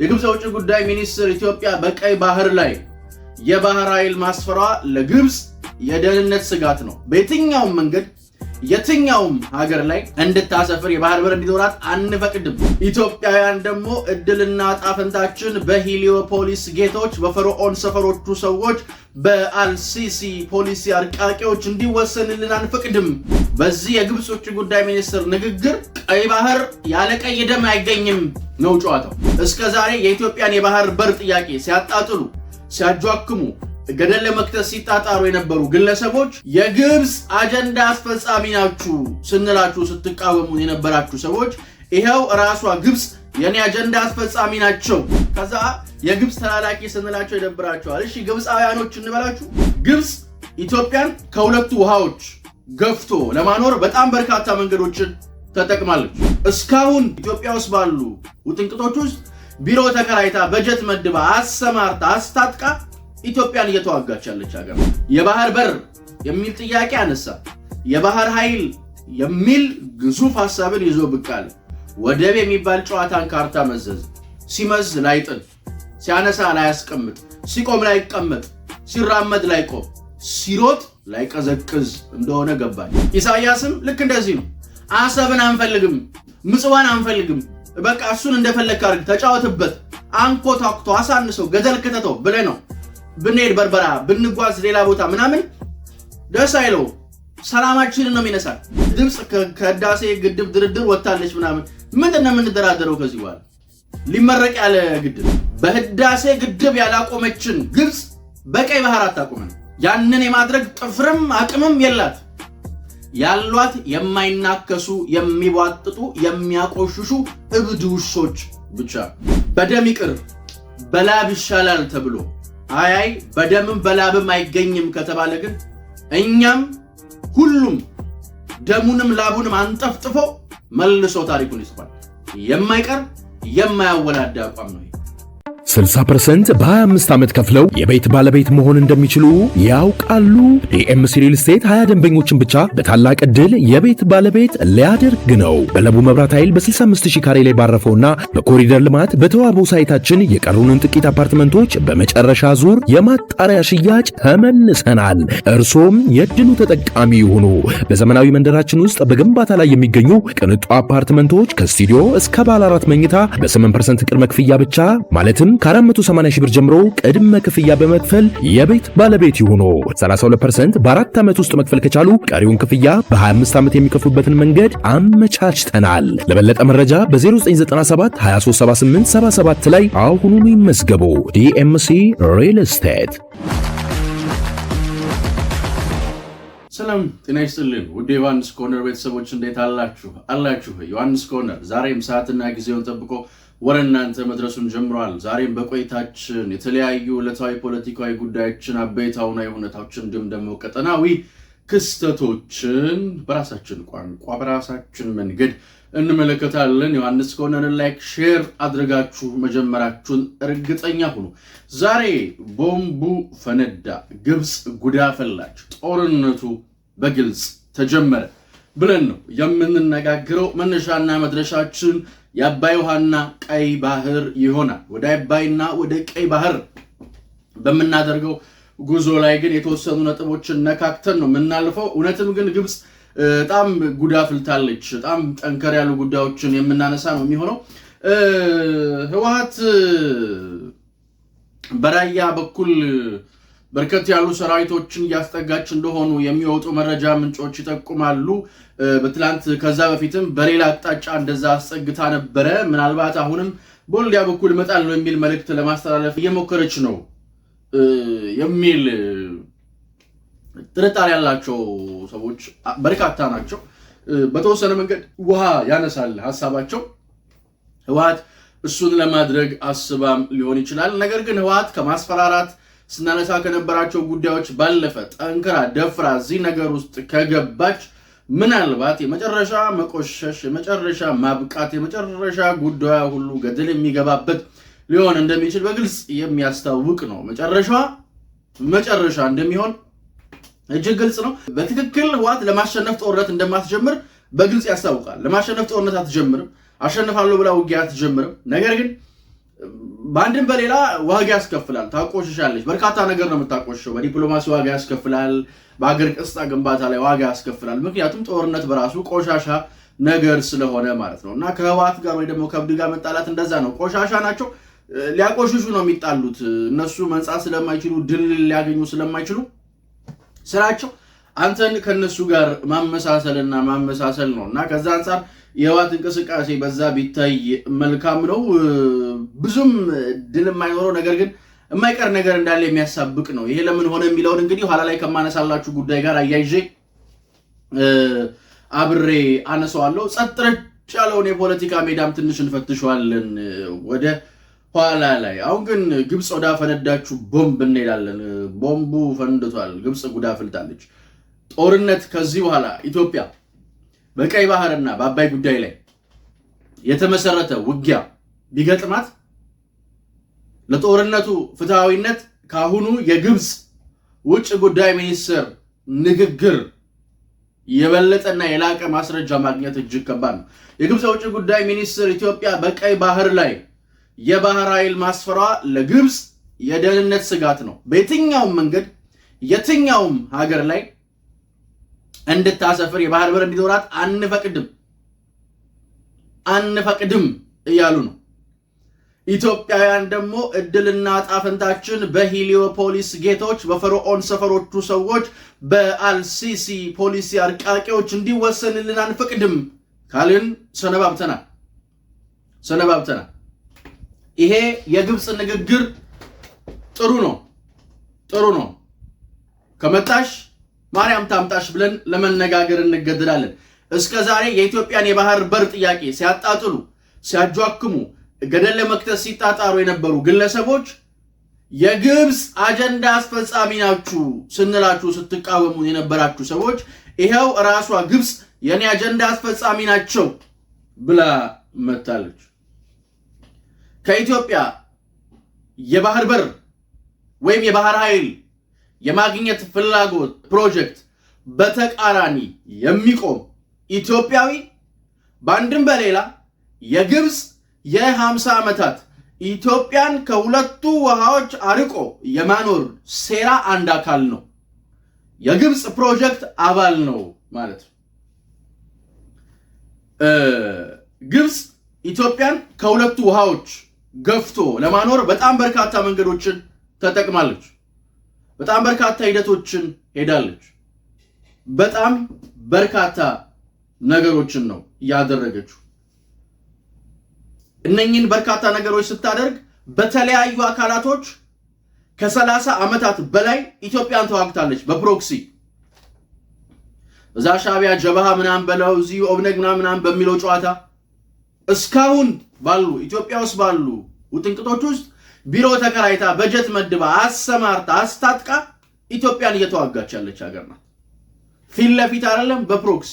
የግብፅ የውጭ ጉዳይ ሚኒስትር ኢትዮጵያ በቀይ ባህር ላይ የባህር ኃይል ማስፈሯ ለግብፅ የደህንነት ስጋት ነው፣ በየትኛውም መንገድ የትኛውም ሀገር ላይ እንድታሰፍር የባህር በር እንዲኖራት አንፈቅድም። ኢትዮጵያውያን ደግሞ እድልና ጣፈንታችን በሂሊዮፖሊስ ጌቶች፣ በፈርዖን ሰፈሮቹ ሰዎች፣ በአልሲሲ ፖሊሲ አርቃቂዎች እንዲወሰንልን አንፈቅድም። በዚህ የግብፅ ውጭ ጉዳይ ሚኒስትር ንግግር ቀይ ባህር ያለ ቀይ ደም አይገኝም ነው ጨዋታው። እስከ ዛሬ የኢትዮጵያን የባህር በር ጥያቄ ሲያጣጥሉ ሲያጇክሙ ገደል ለመክተት ሲጣጣሩ የነበሩ ግለሰቦች የግብፅ አጀንዳ አስፈጻሚ ናችሁ ስንላችሁ ስትቃወሙ የነበራችሁ ሰዎች ይኸው ራሷ ግብፅ የኔ አጀንዳ አስፈጻሚ ናቸው። ከዛ የግብፅ ተላላኪ ስንላቸው ይደብራቸዋል። እሺ ግብፃውያኖች እንበላችሁ። ግብፅ ኢትዮጵያን ከሁለቱ ውሃዎች ገፍቶ ለማኖር በጣም በርካታ መንገዶችን ተጠቅማለች። እስካሁን ኢትዮጵያ ውስጥ ባሉ ውጥንቅጦች ውስጥ ቢሮ ተከራይታ፣ በጀት መድባ፣ አሰማርታ፣ አስታጥቃ ኢትዮጵያን እየተዋጋች ያለች ሀገር የባህር በር የሚል ጥያቄ አነሳ። የባህር ኃይል የሚል ግዙፍ ሀሳብን ይዞ ብቃል ወደብ የሚባል ጨዋታን ካርታ መዘዝ ሲመዝ ላይጥል፣ ሲያነሳ ላያስቀምጥ፣ ሲቆም ላይቀመጥ፣ ሲራመድ ላይቆም፣ ሲሮጥ ላይቀዘቅዝ እንደሆነ ገባኝ። ኢሳያስም ልክ እንደዚህ ነው። አሰብን አንፈልግም፣ ምጽዋን አንፈልግም፣ በቃ እሱን እንደፈለግ አድርግ፣ ተጫወትበት፣ አንኮ ታኩቶ አሳንሰው፣ ገደል ክተተው ብለህ ነው ብንሄድ በርበራ ብንጓዝ ሌላ ቦታ ምናምን ደስ አይለው፣ ሰላማችንን ነው የሚነሳል። ግብፅ ከህዳሴ ግድብ ድርድር ወጥታለች ምናምን ምንድን ነው የምንደራደረው? ከዚህ በኋላ ሊመረቅ ያለ ግድብ በህዳሴ ግድብ ያላቆመችን ግብፅ በቀይ ባህር አታቆመን። ያንን የማድረግ ጥፍርም አቅምም የላት ያሏት የማይናከሱ የሚቧጥጡ የሚያቆሽሹ እብድ ውሾች ብቻ። በደም ይቅር በላብ ይሻላል ተብሎ አይ በደምም በላብም አይገኝም ከተባለ ግን እኛም ሁሉም ደሙንም ላቡንም አንጠፍጥፎ መልሶ ታሪኩን ይጽፋል። የማይቀር የማያወላዳ አቋም ነው። 60% በ25 ዓመት ከፍለው የቤት ባለቤት መሆን እንደሚችሉ ያውቃሉ? ዲኤምሲ ሪል ስቴት 20 ደንበኞችን ብቻ በታላቅ ዕድል የቤት ባለቤት ሊያደርግ ነው። በለቡ መብራት ኃይል በ65000 ካሬ ላይ ባረፈውና በኮሪደር ልማት በተዋበው ሳይታችን የቀሩንን ጥቂት አፓርትመንቶች በመጨረሻ ዙር የማጣሪያ ሽያጭ ተመልሰናል። እርሶም የድሉ ተጠቃሚ ይሁኑ። በዘመናዊ መንደራችን ውስጥ በግንባታ ላይ የሚገኙ ቅንጡ አፓርትመንቶች ከስቱዲዮ እስከ ባለ አራት መኝታ በ8% ቅድመ ክፍያ ብቻ ማለትም ከ480 ሺህ ብር ጀምሮ ቅድመ ክፍያ በመክፈል የቤት ባለቤት ይሁኑ። 32% በአራት ዓመት ውስጥ መክፈል ከቻሉ ቀሪውን ክፍያ በ25 ዓመት የሚከፍሉበትን መንገድ አመቻችተናል። ለበለጠ መረጃ በ0997 ላይ አሁኑኑ ይመዝገቡ። ዲኤምሲ ሪል ስቴት። ሰላም ጤና ይስጥልኝ ውድ ዮሐንስ ኮርነር ቤተሰቦች እንዴት አላችሁ? አላችሁ ዮሐንስ ኮርነር ዛሬም ሰዓትና ጊዜውን ጠብቆ ወደ እናንተ መድረሱን ጀምሯል። ዛሬም በቆይታችን የተለያዩ ዕለታዊ ፖለቲካዊ ጉዳዮችን፣ አበይታውና አሁናዊ እንዲሁም ደግሞ ቀጠናዊ ክስተቶችን በራሳችን ቋንቋ በራሳችን መንገድ እንመለከታለን። ዮሐንስ ከሆነን ላይክ፣ ሼር አድርጋችሁ መጀመራችሁን እርግጠኛ ሁኑ። ዛሬ ቦምቡ ፈነዳ፣ ግብፅ ጉዳ ፈላች፣ ጦርነቱ በግልጽ ተጀመረ ብለን ነው የምንነጋግረው። መነሻና መድረሻችን የአባይ ውሃና ቀይ ባህር ይሆናል። ወደ አባይና ወደ ቀይ ባህር በምናደርገው ጉዞ ላይ ግን የተወሰኑ ነጥቦችን ነካክተን ነው የምናልፈው። እውነትም ግን ግብፅ በጣም ጉዳ ፍልታለች በጣም ጠንከር ያሉ ጉዳዮችን የምናነሳ ነው የሚሆነው። ህወሓት በራያ በኩል በርከት ያሉ ሰራዊቶችን እያስጠጋች እንደሆኑ የሚወጡ መረጃ ምንጮች ይጠቁማሉ። በትላንት ከዛ በፊትም በሌላ አቅጣጫ እንደዛ አስጠግታ ነበረ። ምናልባት አሁንም በወልዲያ በኩል ነው የሚል መልእክት ለማስተላለፍ እየሞከረች ነው የሚል ጥርጣሬ ያላቸው ሰዎች በርካታ ናቸው። በተወሰነ መንገድ ውሃ ያነሳል ሀሳባቸው። ህወሓት እሱን ለማድረግ አስባም ሊሆን ይችላል። ነገር ግን ህወሓት ከማስፈራራት ስናነሳ ከነበራቸው ጉዳዮች ባለፈ ጠንክራ ደፍራ እዚህ ነገር ውስጥ ከገባች ምናልባት የመጨረሻ መቆሸሽ፣ የመጨረሻ ማብቃት፣ የመጨረሻ ጉዳዩ ሁሉ ገደል የሚገባበት ሊሆን እንደሚችል በግልጽ የሚያስታውቅ ነው። መጨረሻ መጨረሻ እንደሚሆን እጅግ ግልጽ ነው። በትክክል ህወሓት ለማሸነፍ ጦርነት እንደማትጀምር በግልጽ ያስታውቃል። ለማሸነፍ ጦርነት አትጀምርም። አሸንፋለሁ ብላ ውጊያ አትጀምርም። ነገር ግን በአንድም በሌላ ዋጋ ያስከፍላል። ታቆሽሻለች። በርካታ ነገር ነው የምታቆሽሸው። በዲፕሎማሲ ዋጋ ያስከፍላል። በአገር ቅስጣ ግንባታ ላይ ዋጋ ያስከፍላል። ምክንያቱም ጦርነት በራሱ ቆሻሻ ነገር ስለሆነ ማለት ነው እና ከህወሓት ጋር ወይ ደግሞ ከብድ ጋር መጣላት እንደዛ ነው። ቆሻሻ ናቸው። ሊያቆሽሹ ነው የሚጣሉት። እነሱ መንጻት ስለማይችሉ ድል ሊያገኙ ስለማይችሉ ስራቸው አንተን ከነሱ ጋር ማመሳሰልና ማመሳሰል ነው እና ከዛ አንጻር የህወሓት እንቅስቃሴ በዛ ቢታይ መልካም ነው። ብዙም ድል የማይኖረው ነገር ግን የማይቀር ነገር እንዳለ የሚያሳብቅ ነው። ይሄ ለምን ሆነ የሚለውን እንግዲህ ኋላ ላይ ከማነሳላችሁ ጉዳይ ጋር አያይዤ አብሬ አነሰዋለሁ ጸጥ ረጭ ያለውን የፖለቲካ ሜዳም ትንሽ እንፈትሸዋለን ወደ ኋላ ላይ። አሁን ግን ግብፅ ወዳ ፈነዳችሁ ቦምብ እንሄዳለን። ቦምቡ ፈንድቷል። ግብፅ ጉዳ ፍልታለች። ጦርነት ከዚህ በኋላ ኢትዮጵያ በቀይ ባህርና በአባይ ጉዳይ ላይ የተመሰረተ ውጊያ ቢገጥማት ለጦርነቱ ፍትሐዊነት ከአሁኑ የግብፅ ውጭ ጉዳይ ሚኒስትር ንግግር የበለጠና የላቀ ማስረጃ ማግኘት እጅግ ከባድ ነው። የግብፅ ውጭ ጉዳይ ሚኒስትር ኢትዮጵያ በቀይ ባህር ላይ የባህር ኃይል ማስፈሯ ለግብፅ የደህንነት ስጋት ነው። በየትኛውም መንገድ የትኛውም ሀገር ላይ እንድታሰፍር የባህር በር እንዲኖራት አንፈቅድም አንፈቅድም እያሉ ነው። ኢትዮጵያውያን ደግሞ እድልና ጣፍንታችን በሂሊዮፖሊስ ጌቶች፣ በፈርዖን ሰፈሮቹ ሰዎች፣ በአልሲሲ ፖሊሲ አርቃቂዎች እንዲወሰንልን አንፈቅድም ካልን ሰነባብተናል ሰነባብተናል። ይሄ የግብፅ ንግግር ጥሩ ነው ጥሩ ነው ከመጣሽ ማርያም ታምጣሽ ብለን ለመነጋገር እንገደዳለን። እስከ ዛሬ የኢትዮጵያን የባህር በር ጥያቄ ሲያጣጥሉ፣ ሲያጇክሙ፣ ገደል ለመክተት ሲጣጣሩ የነበሩ ግለሰቦች የግብፅ አጀንዳ አስፈጻሚ ናችሁ ስንላችሁ ስትቃወሙ የነበራችሁ ሰዎች ይኸው ራሷ ግብፅ የኔ አጀንዳ አስፈጻሚ ናቸው ብላ መታለች። ከኢትዮጵያ የባህር በር ወይም የባህር ኃይል የማግኘት ፍላጎት ፕሮጀክት በተቃራኒ የሚቆም ኢትዮጵያዊ በአንድም በሌላ የግብፅ የ50 ዓመታት ኢትዮጵያን ከሁለቱ ውሃዎች አርቆ የማኖር ሴራ አንድ አካል ነው። የግብፅ ፕሮጀክት አባል ነው ማለት ነው። ግብፅ ኢትዮጵያን ከሁለቱ ውሃዎች ገፍቶ ለማኖር በጣም በርካታ መንገዶችን ተጠቅማለች። በጣም በርካታ ሂደቶችን ሄዳለች። በጣም በርካታ ነገሮችን ነው ያደረገችው። እነኚህን በርካታ ነገሮች ስታደርግ በተለያዩ አካላቶች ከሰላሳ ዓመታት በላይ ኢትዮጵያን ተዋግታለች። በፕሮክሲ እዛ ሻቢያ ጀበሃ ምናምን በለው እዚህ ኦብነግ ምናምን ምናምን በሚለው ጨዋታ እስካሁን ባሉ ኢትዮጵያ ውስጥ ባሉ ውጥንቅጦች ውስጥ ቢሮ ተከራይታ በጀት መድባ አሰማርታ አስታጥቃ ኢትዮጵያን እየተዋጋች ያለች ሀገር ናት። ፊት ለፊት አይደለም በፕሮክሲ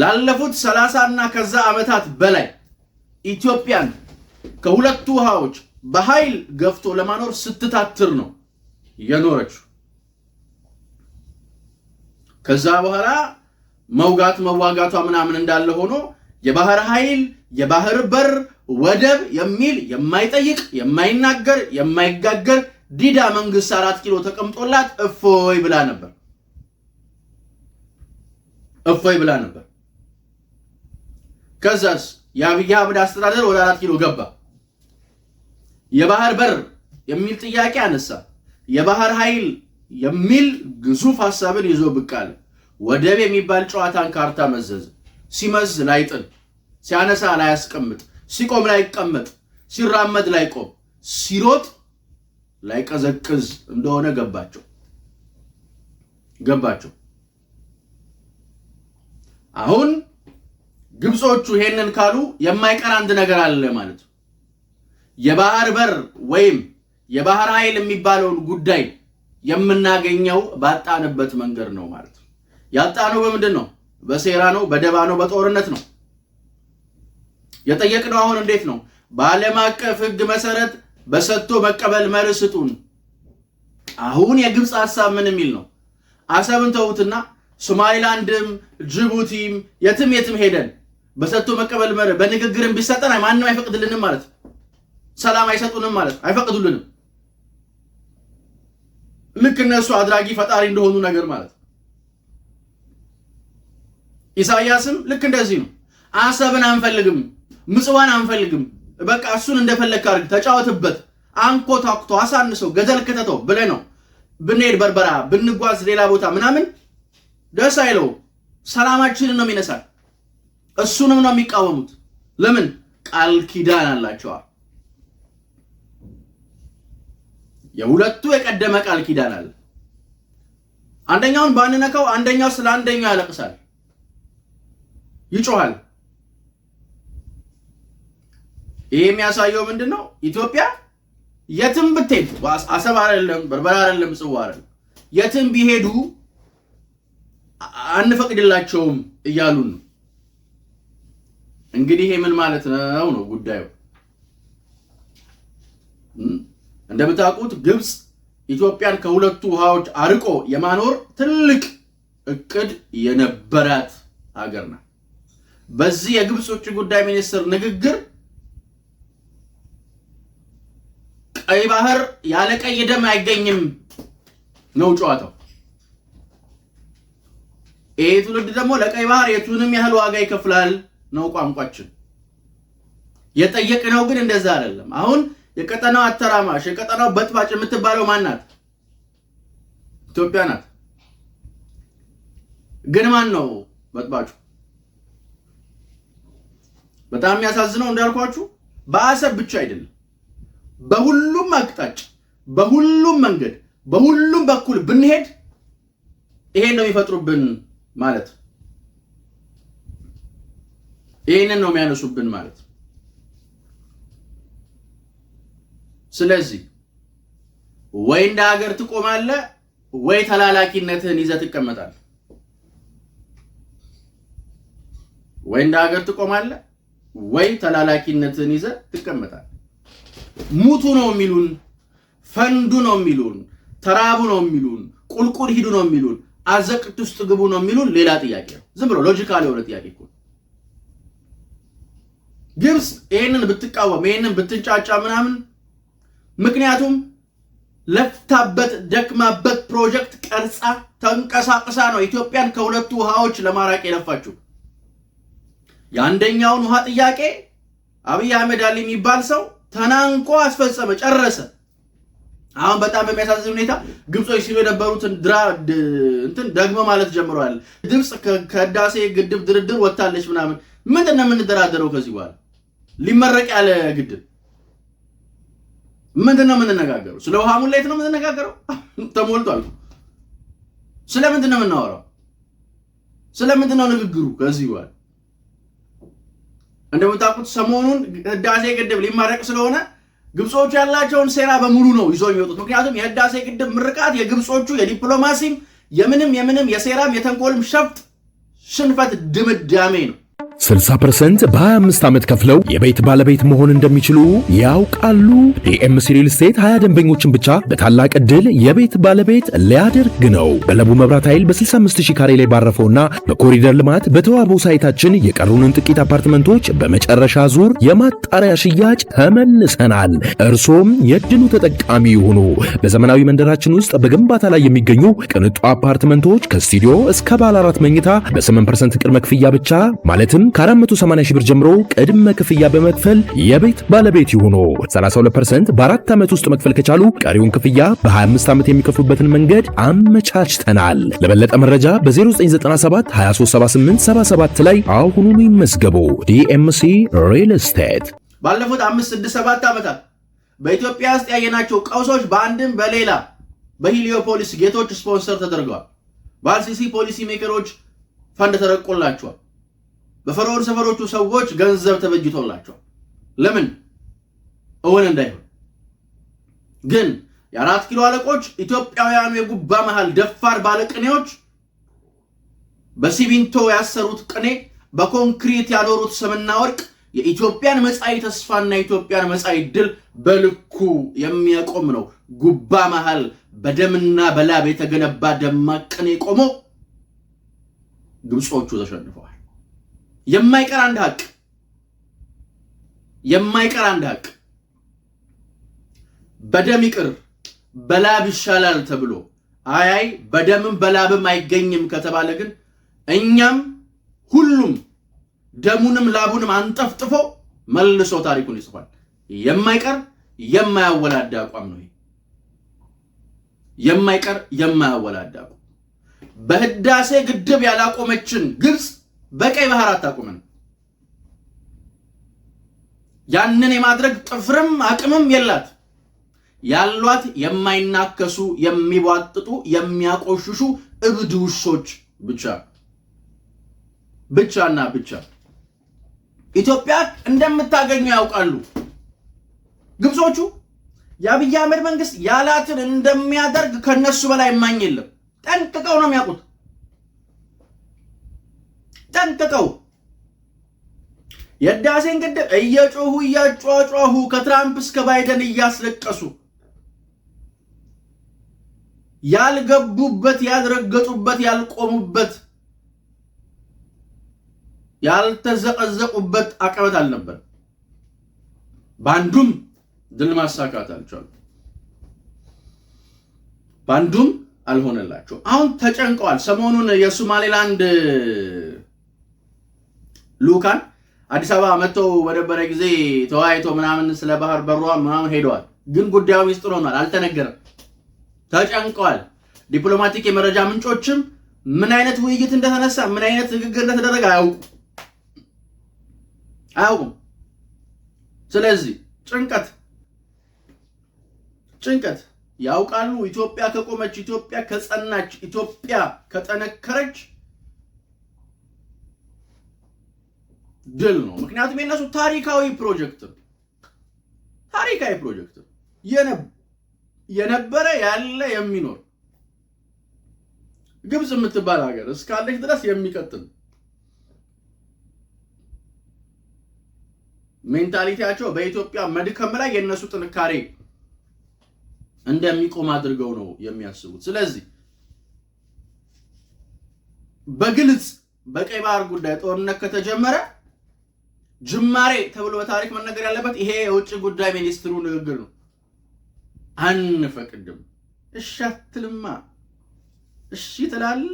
ላለፉት ሰላሳ እና ከዛ ዓመታት በላይ ኢትዮጵያን ከሁለቱ ውሃዎች በኃይል ገፍቶ ለማኖር ስትታትር ነው የኖረችው። ከዛ በኋላ መውጋት መዋጋቷ ምናምን እንዳለ ሆኖ የባህር ኃይል የባህር በር ወደብ የሚል የማይጠይቅ የማይናገር የማይጋገር ዲዳ መንግስት አራት ኪሎ ተቀምጦላት እፎይ ብላ ነበር። እፎይ ብላ ነበር። ከዛስ የአብይ አህመድ አስተዳደር ወደ አራት ኪሎ ገባ። የባህር በር የሚል ጥያቄ አነሳ። የባህር ኃይል የሚል ግዙፍ ሀሳብን ይዞ ብቅ አለ። ወደብ የሚባል ጨዋታን ካርታ መዘዘ። ሲመዝ ላይጥል፣ ሲያነሳ ላያስቀምጥ ሲቆም ላይቀመጥ፣ ሲራመድ ላይቆም፣ ሲሮጥ ላይቀዘቅዝ እንደሆነ ገባቸው ገባቸው። አሁን ግብጾቹ ይሄንን ካሉ የማይቀር አንድ ነገር አለ ማለት ነው። የባህር በር ወይም የባህር ኃይል የሚባለውን ጉዳይ የምናገኘው ባጣንበት መንገድ ነው ማለት ነው። ያጣነው በምንድን ነው? በሴራ ነው፣ በደባ ነው፣ በጦርነት ነው። የጠየቅነው አሁን እንዴት ነው? በዓለም አቀፍ ህግ መሰረት በሰጥቶ መቀበል መርህ ስጡን። አሁን የግብፅ ሀሳብ ምን የሚል ነው? አሰብን ተዉትና ሶማሊላንድም ጅቡቲም የትም የትም ሄደን በሰጥቶ መቀበል መርህ በንግግርም ቢሰጠን ማንም አይፈቅድልንም ማለት ሰላም አይሰጡንም ማለት አይፈቅዱልንም። ልክ እነሱ አድራጊ ፈጣሪ እንደሆኑ ነገር ማለት ኢሳያስም ልክ እንደዚህ ነው። አሰብን አንፈልግም ምጽዋን አንፈልግም። በቃ እሱን እንደፈለግህ አድርግ፣ ተጫወትበት፣ አንኮታኩቶ፣ አሳንሰው፣ ገደል ከተተው ብለህ ነው ብንሄድ በርበራ ብንጓዝ ሌላ ቦታ ምናምን ደስ አይለው። ሰላማችንን ነው የሚነሳል። እሱንም ነው የሚቃወሙት። ለምን ቃል ኪዳን አላቸዋል። የሁለቱ የቀደመ ቃል ኪዳን አለ። አንደኛውን ባንነካው አንደኛው ስለ አንደኛው ያለቅሳል፣ ይጮሃል። ይህ የሚያሳየው ምንድን ነው? ኢትዮጵያ የትም ብትሄድ አሰብ አይደለም፣ በርበራ አይደለም፣ ጽዋ አይደለም፣ የትም ቢሄዱ አንፈቅድላቸውም እያሉን ነው። እንግዲህ ይሄ ምን ማለት ነው ነው ጉዳዩ። እንደምታውቁት ግብፅ ኢትዮጵያን ከሁለቱ ውሃዎች አርቆ የማኖር ትልቅ እቅድ የነበራት ሀገር ናት። በዚህ የግብፅ ውጭ ጉዳይ ሚኒስትር ንግግር ቀይ ባህር ያለ ቀይ ደም አይገኝም ነው ጨዋታው። ይህ ትውልድ ደግሞ ለቀይ ባህር የቱንም ያህል ዋጋ ይከፍላል ነው ቋንቋችን። የጠየቅነው ግን እንደዛ አይደለም። አሁን የቀጠናው አተራማሽ የቀጠናው በጥባጭ የምትባለው ማን ናት? ኢትዮጵያ ናት። ግን ማን ነው በጥባጩ? በጣም የሚያሳዝነው እንዳልኳችሁ በአሰብ ብቻ አይደለም በሁሉም አቅጣጫ፣ በሁሉም መንገድ፣ በሁሉም በኩል ብንሄድ ይሄን ነው የሚፈጥሩብን ማለት ይሄንን ነው የሚያነሱብን ማለት። ስለዚህ ወይ እንደ ሀገር ትቆማለህ ወይ ተላላኪነትህን ይዘህ ትቀመጣለህ። ወይ እንደ ሀገር ትቆማለህ ወይ ተላላኪነትህን ይዘህ ትቀመጣለህ። ሙቱ ነው የሚሉን፣ ፈንዱ ነው የሚሉን፣ ተራቡ ነው የሚሉን፣ ቁልቁል ሂዱ ነው የሚሉን፣ አዘቅት ውስጥ ግቡ ነው የሚሉን። ሌላ ጥያቄ ነው። ዝም ብሎ ሎጂካል የሆነ ጥያቄ እኮ ግብፅ ይህንን ብትቃወም ይህንን ብትንጫጫ ምናምን ምክንያቱም ለፍታበት ደክማበት ፕሮጀክት ቀርጻ ተንቀሳቅሳ ነው ኢትዮጵያን ከሁለቱ ውሃዎች ለማራቅ የለፋችው። የአንደኛውን ውሃ ጥያቄ አብይ አህመድ አሊ የሚባል ሰው ተናንቆ አስፈጸመ፣ ጨረሰ። አሁን በጣም በሚያሳዝን ሁኔታ ግብጾች ሲሉ የነበሩትን ድራ እንትን ደግመ ማለት ጀምረዋል። ግብጽ ከህዳሴ ግድብ ድርድር ወጥታለች ምናምን። ምንድን ነው የምንደራደረው? ከዚህ በኋላ ሊመረቅ ያለ ግድብ ምንድን ነው የምንነጋገረው? ስለ ውሃ ሙሌት ነው የምንነጋገረው? ተሞልቷል። ስለምንድን ነው የምናወራው? ስለምንድን ነው ንግግሩ ከዚህ በኋላ እንደምታውቁት ሰሞኑን ህዳሴ ግድብ ሊመረቅ ስለሆነ ግብጾቹ ያላቸውን ሴራ በሙሉ ነው ይዞ የሚወጡት። ምክንያቱም የህዳሴ ግድብ ምርቃት የግብጾቹ የዲፕሎማሲም የምንም የምንም የሴራም የተንኮልም ሸፍጥ ሽንፈት ድምዳሜ ነው። 60% በ25 ዓመት ከፍለው የቤት ባለቤት መሆን እንደሚችሉ ያውቃሉ? ዲኤምሲ ሪል ስቴት 20 ደንበኞችን ብቻ በታላቅ ዕድል የቤት ባለቤት ሊያደርግ ነው። በለቡ መብራት ኃይል በ65000 65 ካሬ ላይ ባረፈውና በኮሪደር ልማት በተዋበው ሳይታችን የቀሩንን ጥቂት አፓርትመንቶች በመጨረሻ ዙር የማጣሪያ ሽያጭ ተመልሰናል። እርሶም የድሉ ተጠቃሚ ይሁኑ። በዘመናዊ መንደራችን ውስጥ በግንባታ ላይ የሚገኙ ቅንጡ አፓርትመንቶች ከስቱዲዮ እስከ ባለ አራት መኝታ በ8% ቅድመ ክፍያ ብቻ ማለትም እናም ከ480 ሺህ ብር ጀምሮ ቅድመ ክፍያ በመክፈል የቤት ባለቤት ይሁኑ። 32% በአራት ዓመት ውስጥ መክፈል ከቻሉ ቀሪውን ክፍያ በ25 ዓመት የሚከፍሉበትን መንገድ አመቻችተናል። ለበለጠ መረጃ በ0997 ላይ አሁኑኑ ይመዝገቡ። ዲኤምሲ ሪል ስቴት ባለፉት 5 6 7 ዓመታት በኢትዮጵያ ውስጥ ያየናቸው ቀውሶች በአንድም በሌላ በሂሊዮፖሊስ ጌቶች ስፖንሰር ተደርገዋል። በአልሲሲ ፖሊሲ ሜከሮች ፈንድ ተረቆላቸዋል። በፈርዖን ሰፈሮቹ ሰዎች ገንዘብ ተበጅቶላቸው ለምን እውን እንዳይሆን ግን የአራት ኪሎ አለቆች ኢትዮጵያውያኑ የጉባ መሃል ደፋር ባለቅኔዎች በሲሚንቶ ያሰሩት ቅኔ በኮንክሪት ያኖሩት ስምና ወርቅ የኢትዮጵያን መጻኢ ተስፋና የኢትዮጵያን መጻኢ ድል በልኩ የሚያቆም ነው። ጉባ መሃል በደምና በላብ የተገነባ ደማቅ ቅኔ ቆሞ ግብጾቹ ተሸንፈዋል። የማይቀር አንድ ሀቅ የማይቀር አንድ ሀቅ በደም ይቅር በላብ ይሻላል ተብሎ አያይ በደምም በላብም አይገኝም ከተባለ ግን እኛም ሁሉም ደሙንም ላቡንም አንጠፍጥፎ መልሶ ታሪኩን ይጽፋል። የማይቀር የማያወላዳ አቋም ነው። የማይቀር የማያወላዳ አቋም በህዳሴ ግድብ ያላቆመችን ግብፅ በቀይ ባህር አታቁምን። ያንን የማድረግ ጥፍርም አቅምም የላት ያሏት የማይናከሱ የሚቧጥጡ የሚያቆሽሹ እብድ ውሾች ብቻ ብቻና ብቻ። ኢትዮጵያ እንደምታገኙ ያውቃሉ ግብጾቹ። የአብይ አህመድ መንግስት ያላትን እንደሚያደርግ ከነሱ በላይ ማኝ የለም። ጠንቅቀው ነው የሚያውቁት። ጠንቅቀው የህዳሴን ግድብ እየጮሁ እያጯጯሁ ከትራምፕ እስከ ባይደን እያስለቀሱ ያልገቡበት ያልረገጡበት ያልቆሙበት ያልተዘቀዘቁበት አቀበት አልነበር። በአንዱም ድል ማሳካት አልቻሉ፣ በአንዱም አልሆነላቸው። አሁን ተጨንቀዋል። ሰሞኑን የሶማሌላንድ ልኡካን አዲስ አበባ መጥተው በነበረ ጊዜ ተወያይቶ ምናምን ስለ ባህር በሯ ምናምን ሄደዋል። ግን ጉዳዩ ሚስጥር ሆኗል፣ አልተነገረም። ተጨንቀዋል። ዲፕሎማቲክ የመረጃ ምንጮችም ምን አይነት ውይይት እንደተነሳ ምን አይነት ንግግር እንደተደረገ አያውቁም አያውቁም። ስለዚህ ጭንቀት ጭንቀት ያውቃሉ። ኢትዮጵያ ከቆመች፣ ኢትዮጵያ ከጸናች፣ ኢትዮጵያ ከጠነከረች ድል ነው። ምክንያቱም የነሱ ታሪካዊ ፕሮጀክት ታሪካዊ ፕሮጀክት የነበረ ያለ የሚኖር ግብፅ የምትባል ሀገር እስካለች ድረስ የሚቀጥል ሜንታሊቲያቸው በኢትዮጵያ መድከም ላይ የነሱ ጥንካሬ እንደሚቆም አድርገው ነው የሚያስቡት። ስለዚህ በግልጽ በቀይ ባህር ጉዳይ ጦርነት ከተጀመረ ጅማሬ ተብሎ በታሪክ መነገር ያለበት ይሄ የውጭ ጉዳይ ሚኒስትሩ ንግግር ነው። አንፈቅድም። እሺ አትልማ፣ እሺ ትላለ?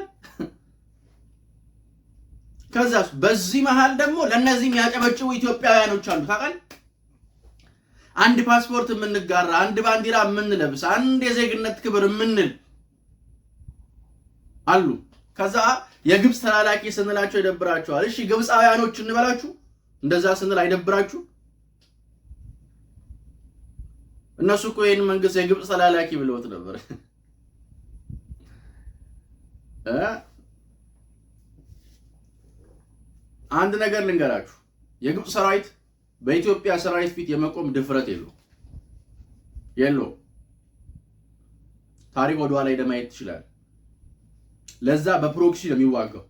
ከዛ በዚህ መሃል ደግሞ ለእነዚህ የሚያጨበጭቡ ኢትዮጵያውያኖች አሉ ታውቃለህ። አንድ ፓስፖርት የምንጋራ፣ አንድ ባንዲራ የምንለብስ፣ አንድ የዜግነት ክብር የምንል አሉ። ከዛ የግብፅ ተላላኪ ስንላቸው ይደብራቸዋል። እሺ ግብፃውያኖች እንበላችሁ እንደዛ ስንል አይደብራችሁ? እነሱ እኮ ይህን መንግስት የግብፅ ተላላኪ ብለውት ነበር። አንድ ነገር ልንገራችሁ፣ የግብፅ ሰራዊት በኢትዮጵያ ሰራዊት ፊት የመቆም ድፍረት የለው የለው። ታሪክ ወደኋላ ሄደህ ማየት ትችላለህ። ለዛ በፕሮክሲ ነው የሚዋጋው፣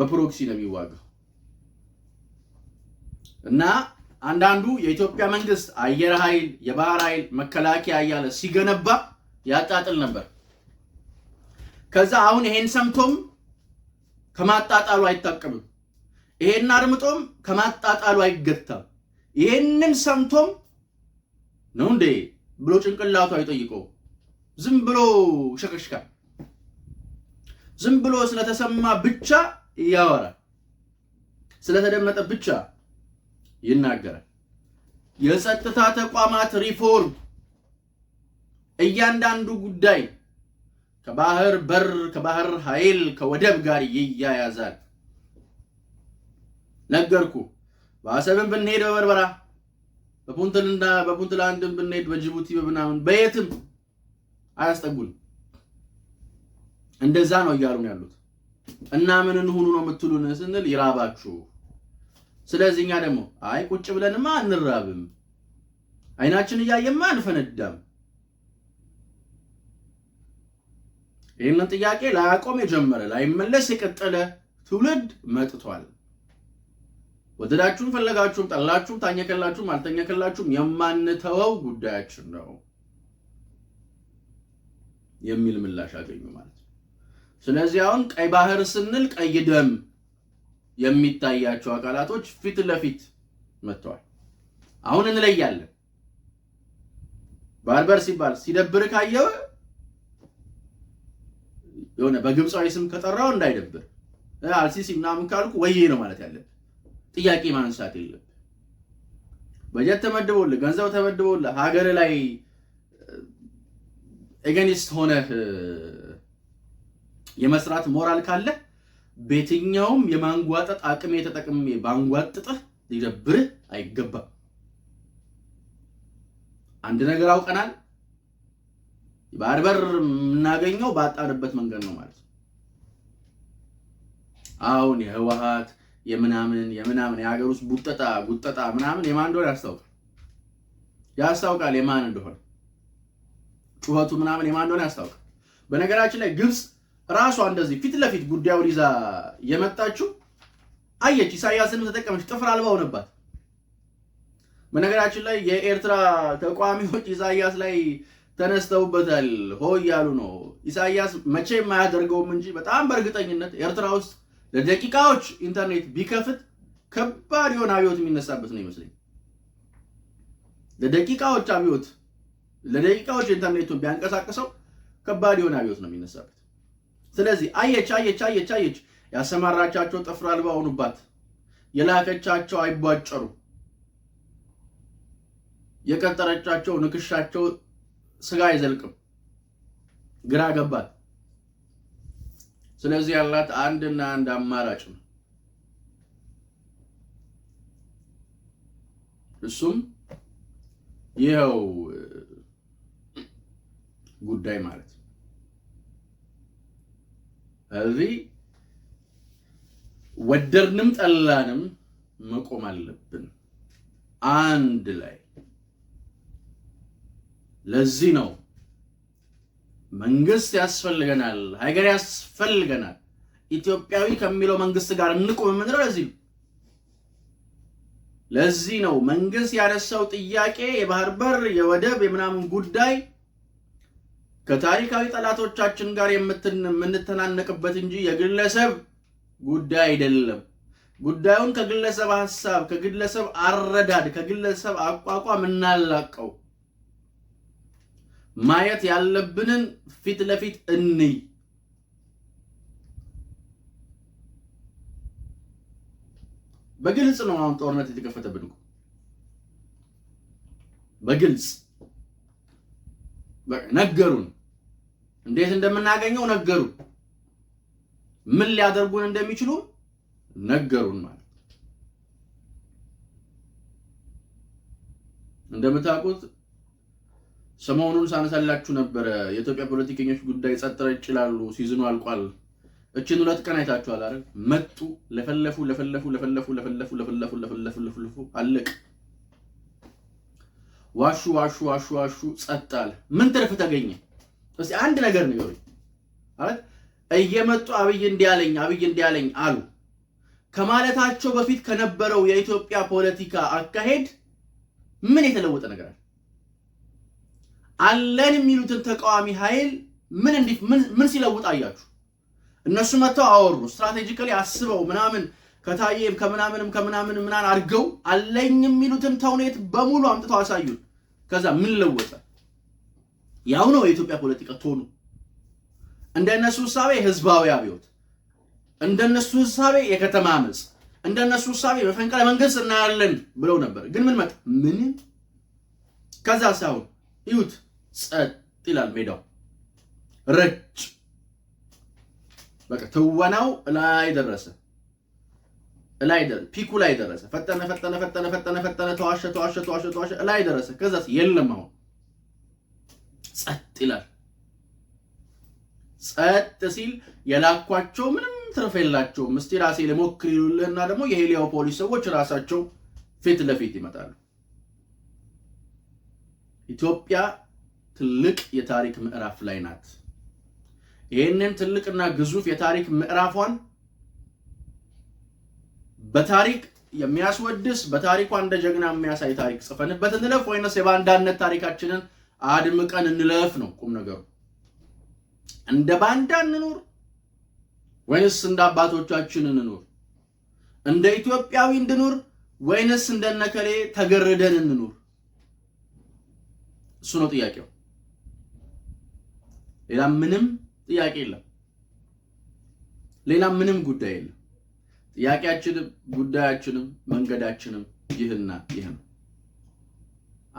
በፕሮክሲ ነው የሚዋጋው። እና አንዳንዱ የኢትዮጵያ መንግስት አየር ኃይል፣ የባህር ኃይል፣ መከላከያ እያለ ሲገነባ ያጣጥል ነበር። ከዛ አሁን ይሄን ሰምቶም ከማጣጣሉ አይታቀምም። ይሄን አድምጦም ከማጣጣሉ አይገታም። ይሄንን ሰምቶም ነው እንዴ ብሎ ጭንቅላቱ አይጠይቀው። ዝም ብሎ ሸከሽካ ዝም ብሎ ስለተሰማ ብቻ ያወራል። ስለተደመጠ ብቻ ይናገራል። የጸጥታ ተቋማት ሪፎርም እያንዳንዱ ጉዳይ ከባህር በር ከባህር ኃይል ከወደብ ጋር ይያያዛል። ነገርኩ። በአሰብን ብንሄድ በበርበራ በፑንትልና በፑንትላንድን ብንሄድ በጅቡቲ በምናምን በየትም አያስጠጉን። እንደዛ ነው እያሉን ያሉት እና ምን እንሁኑ ነው የምትሉን ስንል ይራባችሁ ስለዚህ እኛ ደግሞ አይ ቁጭ ብለንማ አንራብም፣ አይናችን እያየማ አንፈነዳም። ይህንን ጥያቄ ላያቆም የጀመረ ላይመለስ የቀጠለ ትውልድ መጥቷል። ወደዳችሁም ፈለጋችሁም ጠላችሁም ታኘከላችሁም አልተኘከላችሁም የማንተወው ጉዳያችን ነው የሚል ምላሽ አገኙ ማለት ነው። ስለዚህ አሁን ቀይ ባህር ስንል ቀይ ደም የሚታያቸው አካላቶች ፊት ለፊት መጥተዋል። አሁን እንለያለን። ባርበር ሲባል ሲደብር ካየው የሆነ በግብፃዊ ስም ከጠራው እንዳይደብር አልሲሲ ምናምን ካልኩ ወይ ነው ማለት ያለብህ። ጥያቄ ማንሳት የለብህ። በጀት ተመድቦልህ ገንዘብ ተመድቦልህ ሀገር ላይ ኤገኒስት ሆነህ የመስራት ሞራል ካለህ በየትኛውም የማንጓጠጥ አቅሜ ተጠቅሜ ባንጓጥጥህ ሊደብርህ አይገባም። አንድ ነገር አውቀናል። ባህር በር የምናገኘው ባጣንበት መንገድ ነው ማለት ነው። አሁን የህወሓት የምናምን የምናምን የሀገር ውስጥ ቡጠጣ ጉጠጣ ምናምን የማን እንደሆነ ያስታውቃል ያስታውቃል የማን እንደሆነ ጩኸቱ ምናምን የማን እንደሆነ ያስታውቃል። በነገራችን ላይ ግብፅ ራሷ እንደዚህ ፊት ለፊት ጉዳዩን ይዛ የመጣችው አየች። ኢሳያስንም ተጠቀመች። ጥፍር አልባ ሆነባት። በነገራችን ላይ የኤርትራ ተቋሚዎች ኢሳያስ ላይ ተነስተውበታል። ሆ እያሉ ነው። ኢሳያስ መቼ የማያደርገውም እንጂ በጣም በእርግጠኝነት ኤርትራ ውስጥ ለደቂቃዎች ኢንተርኔት ቢከፍት ከባድ የሆነ አብዮት የሚነሳበት ነው ይመስለኝ። ለደቂቃዎች አብዮት ለደቂቃዎች ኢንተርኔቱን ቢያንቀሳቅሰው ከባድ የሆነ አብዮት ነው የሚነሳበት። ስለዚህ አየች አየች አየች አየች ያሰማራቻቸው ጥፍር አልባ ሆኑባት፣ የላከቻቸው አይቧጨሩ፣ የቀጠረቻቸው ንክሻቸው ስጋ አይዘልቅም። ግራ ገባት። ስለዚህ ያላት አንድና አንድ አማራጭ ነው። እሱም ይኸው ጉዳይ ማለት ነው። ስለዚህ ወደድንም ጠላንም መቆም አለብን አንድ ላይ። ለዚህ ነው መንግስት ያስፈልገናል፣ ሀገር ያስፈልገናል። ኢትዮጵያዊ ከሚለው መንግስት ጋር እንቁም የምንለው ለዚህ ነው። ለዚህ ነው መንግስት ያነሳው ጥያቄ የባህር በር የወደብ የምናምን ጉዳይ ከታሪካዊ ጠላቶቻችን ጋር የምንተናነቅበት እንጂ የግለሰብ ጉዳይ አይደለም። ጉዳዩን ከግለሰብ ሀሳብ፣ ከግለሰብ አረዳድ፣ ከግለሰብ አቋቋም እናላቀው። ማየት ያለብንን ፊት ለፊት እንይ። በግልጽ ነው አሁን ጦርነት የተከፈተብን እኮ በግልጽ ነገሩን እንዴት እንደምናገኘው ነገሩ ምን ሊያደርጉን እንደሚችሉ ነገሩን ማለት እንደምታውቁት ሰሞኑን ሳነሳላችሁ ነበረ። የኢትዮጵያ ፖለቲከኞች ጉዳይ ጸጥ ረጭ ይላሉ፣ ሲዝኑ አልቋል። እችን ሁለት ቀን አይታችኋል አይደል? መጡ፣ ለፈለፉ ለፈለፉ ለፈለፉ ለፈለፉ ለፈለፉ ለፈለፉ ለፈለፉ፣ አለቅ ዋሹ ዋሹ ዋሹ ዋሹ፣ ጸጥ አለ። ምን ትርፍ ተገኘ? እስቲ አንድ ነገር ንገሩኝ። ማለት እየመጡ አብይ እንዲያለኝ አብይ እንዲያለኝ አሉ ከማለታቸው በፊት ከነበረው የኢትዮጵያ ፖለቲካ አካሄድ ምን የተለወጠ ነገር አለ? አለን የሚሉትን ተቃዋሚ ኃይል ምን እንዲህ ምን ሲለውጥ አያችሁ? እነሱ መጥተው አወሩ ስትራቴጂካሊ አስበው ምናምን ከታየም ከምናምንም ከምናምን ምናን አድርገው አለኝ የሚሉትን ተውኔት በሙሉ አምጥተው አሳዩን። ከዛ ምን ለወጠ? ያው ነው የኢትዮጵያ ፖለቲካ ቶኑ። እንደነሱ ህሳቤ ህዝባዊ አብዮት፣ እንደነሱ ህሳቤ የከተማ አመፅ፣ እንደነሱ ህሳቤ መፈንቅለ መንግስት እናያለን ብለው ነበር። ግን ምን መጣ? ምንም። ከዛ ሳይሆን ይሁት ጸጥ ይላል ሜዳው ረጭ በቃ ትወናው ላይ ደረሰ፣ ላይ ደረሰ፣ ፒኩ ላይ ደረሰ። ፈጠነ ፈጠነ ፈጠነ ፈጠነ ፈጠነ ተዋሸ ተዋሸ ተዋሸ ተዋሸ ላይ ደረሰ። ከዛስ የለም አሁን ይላል። ጸጥ ሲል የላኳቸው ምንም ትርፍ የላቸውም። እስቲ ራሴ ልሞክር ይሉልህና ደግሞ የሄሊያው ፖሊስ ሰዎች ራሳቸው ፊት ለፊት ይመጣሉ። ኢትዮጵያ ትልቅ የታሪክ ምዕራፍ ላይ ናት። ይህንን ትልቅና ግዙፍ የታሪክ ምዕራፏን በታሪክ የሚያስወድስ በታሪኳ እንደ ጀግና የሚያሳይ ታሪክ ጽፈንበት እንለፍ ወይንስ የባንዳነት ታሪካችንን አድምቀን እንለፍ ነው ቁም ነገሩ። እንደ ባንዳ እንኑር ወይንስ እንደ አባቶቻችን እንኑር? እንደ ኢትዮጵያዊ እንድኑር ወይንስ እንደነከሌ ተገርደን እንኑር? እሱ ነው ጥያቄው። ሌላ ምንም ጥያቄ የለም። ሌላ ምንም ጉዳይ የለም። ጥያቄያችንም ጉዳያችንም መንገዳችንም ይህና ይህ ነው።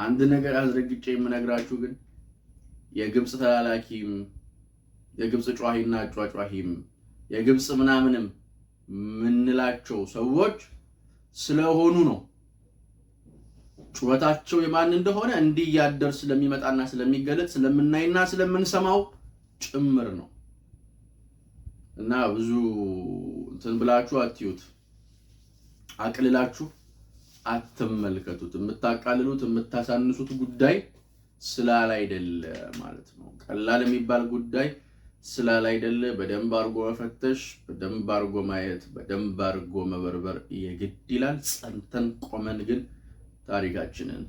አንድ ነገር አስረግጬ የምነግራችሁ ግን የግብፅ ተላላኪም የግብፅ ጨዋሂና ጫጫሂም የግብፅ ምናምንም ምንላቸው ሰዎች ስለሆኑ ነው። ጩኸታቸው የማን እንደሆነ እንዲህ እያደር ስለሚመጣና ስለሚገለጥ ስለምናይና ስለምንሰማው ጭምር ነው እና ብዙ እንትን ብላችሁ አትዩት፣ አቅልላችሁ አትመልከቱት። የምታቃልሉት የምታሳንሱት ጉዳይ አይደለ ማለት ነው። ቀላል የሚባል ጉዳይ አይደለ። በደንብ አድርጎ መፈተሽ፣ በደንብ አድርጎ ማየት፣ በደንብ አርጎ መበርበር የግድ ይላል። ጸንተን ቆመን ግን ታሪካችንን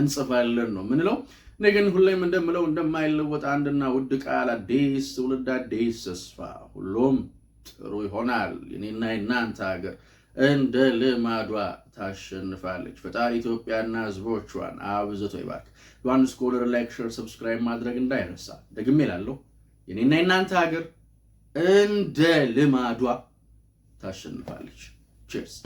እንጽፋለን ነው ምንለው። እኔ ግን ሁሌም እንደምለው እንደማይለወጥ አንድና ውድ ቃል አዲስ ትውልድ አዲስ ተስፋ፣ ሁሉም ጥሩ ይሆናል። የኔና የናንተ ሀገር እንደ ልማዷ ታሸንፋለች። ፈጣሪ ኢትዮጵያና ህዝቦቿን አብዝቶ ይባርክ። ዮሐንስ ኮርነር ላይክ፣ ሸር፣ ሰብስክራይብ ማድረግ እንዳይረሳ። ደግሜ እላለሁ የኔና የናንተ ሀገር እንደ ልማዷ ታሸንፋለች። ቼርስ